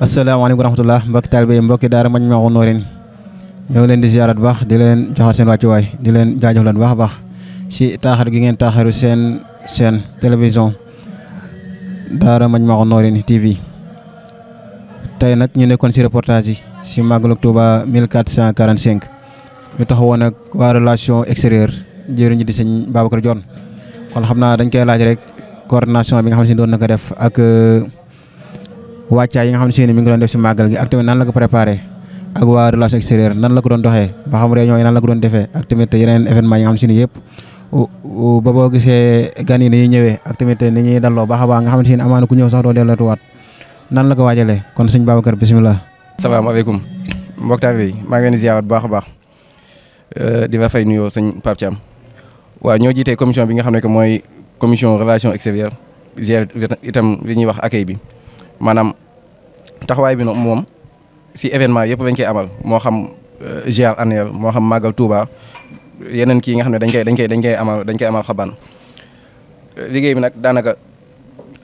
Assalamualaikum warahmatullahi wabarakatuh. mbokki taalibe yi mbokki daara Majmahun Nurayni ñoo leen di ziarat baax di leen joxaat seen wàccuwaay di leen jaajëfal baax si taaxar gi ngeen taaxaru seen seen darah daara Majmahun Nurayni TV tey nag ñu nekkoon si reportage yi si Màggalu Tuuba 1445 ñu taxawoon ak waa relation extérieure di sëñ Babacar Dione kon xam naa dañ koy laaj rek coordination bi nga xam doon def ak. wàccaay yi nga xam ne si ne mi ngi doon def si màggal gi ak tamit nan la ko ak waa relation extérieure nan la ko doon doxee ba xam réunion yi nan la ko doon defee ak tamit yeneen événement yi nga xam si ne yëpp ba boo gisee gan yi ñëwee ak tamit ni ñuy daloo baax a nga xam ne si ne amaana ku ñëw sax doo delluwaat nan la ko waajalee kon sëñ Babacar bisimilah. salaamaaleykum mbokk taalibe yi maa ngi leen bu baax a baax euh, di la fay nuyoo sëñ Pape Thiam waaw ñoo jiitee commission bi nga xam ne que mooy commission relation extérieure gère itam li ñuy wax accueil bi maanaam taxawaay bi noo moom si événement yëpp dañ koy amal moo xam euh, GIAR annuel moo xam màggal Touba yeneen kii nga xam ne dañ koy dañ koy dañ koy amal dañ koy amal xaban euh, liggéey bi nag daanaka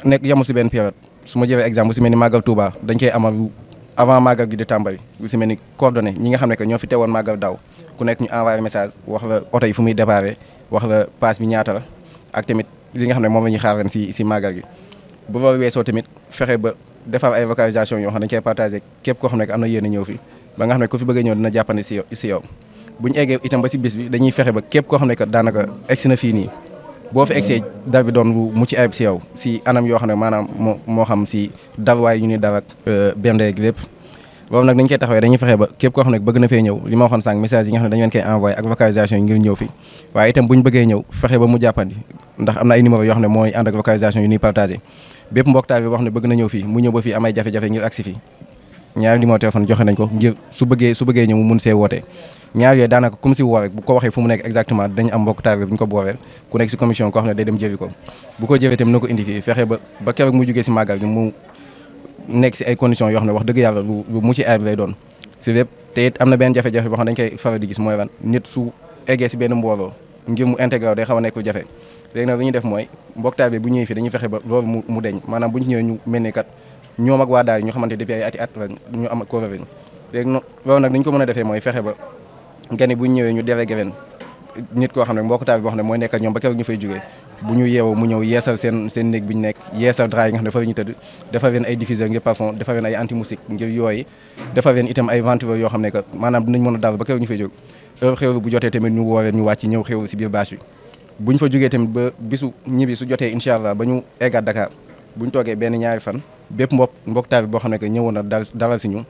nekk yamu si benn période su ma jëlee exemple bu si mel ni màggal Touba dañ koy amal avant màggal gi di tàmbali bu si mel ni coordonné ñi nga xam ne que ñoo fi teewoon màggal daaw ku nekk ñu envoyé message wax la oto fu muy déparé wax la paas bi ñaata la ak tamit li nga xam ne moom la ñuy xaar si si màggal gi. bu fa weesoo tamit fexe ba defar ay vocalisation yoo xam ne dañ koy partagé képp koo xam ne am na yéen a ñëw fi ba nga ne ku fi bëgg ñëw dina jàppandi si si yow bu ñu eggee itam ba dañuy fexe ba képp koo xam ne que daanaka egsi na fii nii boo fi egsee dal doon bu mucc ayib si yow si anam yoo xam ne maanaam moo moo xam si dawaay ñu ni daw ak euh, bendeeg lépp boobu nag dañ koy taxawee dañuy fexe ba képp koo xam ne bëgg na fee ñëw li ma waxoon sànq message yi nga koy envoyé ak vocalisation yi ngir fi waaye itam bu ñu bëggee ñëw fexe ba mu jàppandi ndax am na ay yoo xam ne mooy ànd ak vocalisation yu ñuy partagé bépp mbokktaay bi wax ne bëgg na ñëw fii mu ñëw ba fii amay jafe-jafe ngir agsi fii ñaari joxe nañ ko su bëggee su ñëw mun see wootee ñaar yooyu daanaka comme si woo rek bu ko waxee mu nekk exactement dañ am mbokk ko boobee ku nekk si commission koo xam ko bu ko jëfee tamit na ko indi fii fexe ba ba keroog mu si màggal bi mu nekk si ay conditions yoo ne wax dëgg yàlla mu ci air lay doon si te it am na benn jafe-jafe boo xam ne dañ koy faral di gis mooy ran nit su eggee si benn mbooloo ngir mu intégré day xaw a nekk jafe léegi nag li ñu def mooy mbokk taalibe bu ñëwee fii dañuy fexe ba loolu mu mu maanaam bu ñu ñëwee ñu mel ni kat ñoom ak waa daal xamante depuis ay ati at ñu am ko revenu léegi loolu ko mën a defee mooy fexe ba gan yi bu ñu ñëwee ñu nit koo xam ne mbokk taalibe boo xam ne mooy nekk ñoom ba keroog ñu fay jógee bu ñu yeewoo mu ñëw yeesal seen seen néeg bi ñu nekk yeesal draps xam ne dafa ñu tëdd dafa leen ay diffuseur ngir parfum dafa leen ay anti moussique ngir yooyu dafa leen itam ay ventilo yoo xam ne que maanaam dinañ mën a daal ba keroog xew bu jotee tamit ñu woowee ñu wàcc ñëw xew si biir bâche bi buñ fa jógee tamit ba bisu ñibbi su jotee incha allah ba ñu eggaat Dakar buñ toogee benn ñaari fan bépp mbokk mbokk taal boo xam ne que ñëwoon na dalal si ñu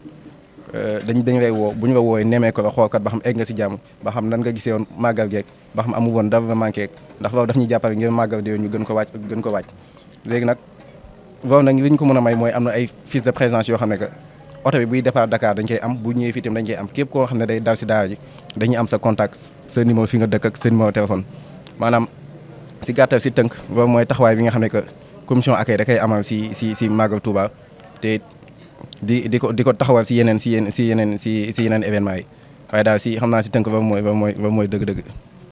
euh, dañ dañ lay woo bu ñu la woowee nemee ko xoolkat ba xam egg si jàmm ba xam nan nga gisee woon màggal geeg ba xam amu woon dara manqué ndax loolu daf ñuy jàppale ngeen màggal de ñu gën ko wàcc gën ko léegi nag loolu nag li ñu ko mën a may mooy am na ay fiches de présence yoo xam ne que oto bi buy départ dakaar dañ koy am bu ñëwee fii itam dañ koy am képp koo xam ne day daw si daara ji dañuy am sa contact sa numéro fi nga dëkk ak sa numéro téléphone maanaam si gàttal si tënk boobu mooy taxawaay bi nga xam ne que commission accueil da koy amal si si si Magal Touba te di di ko di ko taxawal si yeneen si yeneen si yeneen si si yeneen événement yi waaye daal si xam naa si tënk boobu mooy boobu mooy boobu mooy dëgg-dëgg